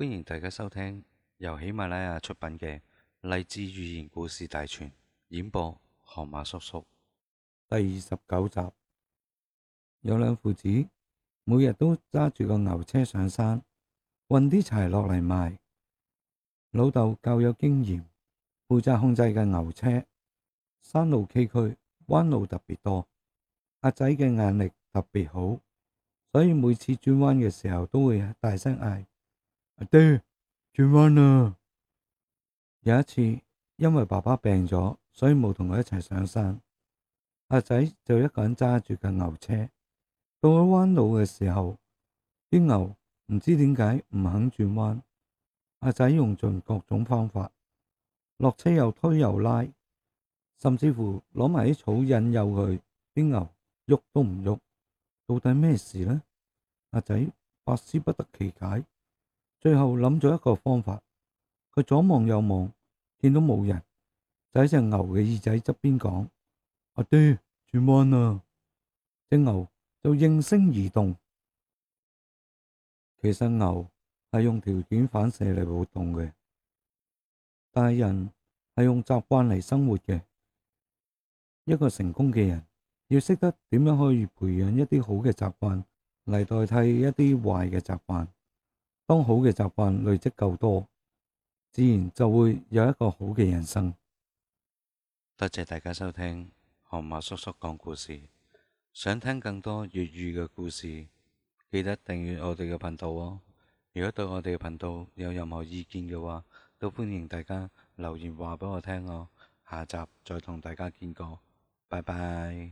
歡迎大家收聽由喜馬拉雅出品嘅《勵志寓言故事大全》演播，河馬叔叔第二十九集。有兩父子，每日都揸住個牛車上山運啲柴落嚟賣。老豆夠有經驗，負責控制嘅牛車。山路崎嶇，彎路特別多。阿仔嘅眼力特別好，所以每次轉彎嘅時候都會大聲嗌，阿爹，轉彎啦！有一次，因為爸爸病咗，所以冇同佢一齊上山。阿仔就一個人揸住架牛車，到咗彎路嘅時候，啲牛唔知點解唔肯轉彎。阿仔用盡各種方法，落車又推又拉，甚至乎攞埋啲草引誘佢，啲牛喐都唔喐。到底咩事呢？阿仔百思不得其解。最後諗咗一個方法，佢左望右望，見到冇人，就喺隻牛嘅耳仔側邊講：阿爹，轉彎啦！隻牛就應聲而動。其實牛係用條件反射嚟活動嘅，但係人係用習慣嚟生活嘅。一個成功嘅人要識得點樣可以培養一啲好嘅習慣嚟代替一啲壞嘅習慣。當好嘅習慣累積夠多，自然就會有一個好嘅人生。多謝大家收聽河馬叔叔講故事。想聽更多粵語嘅故事，記得訂閱我哋嘅頻道哦。如果對我哋嘅頻道有任何意見嘅話，都歡迎大家留言話俾我聽哦。下集再同大家見過，拜拜。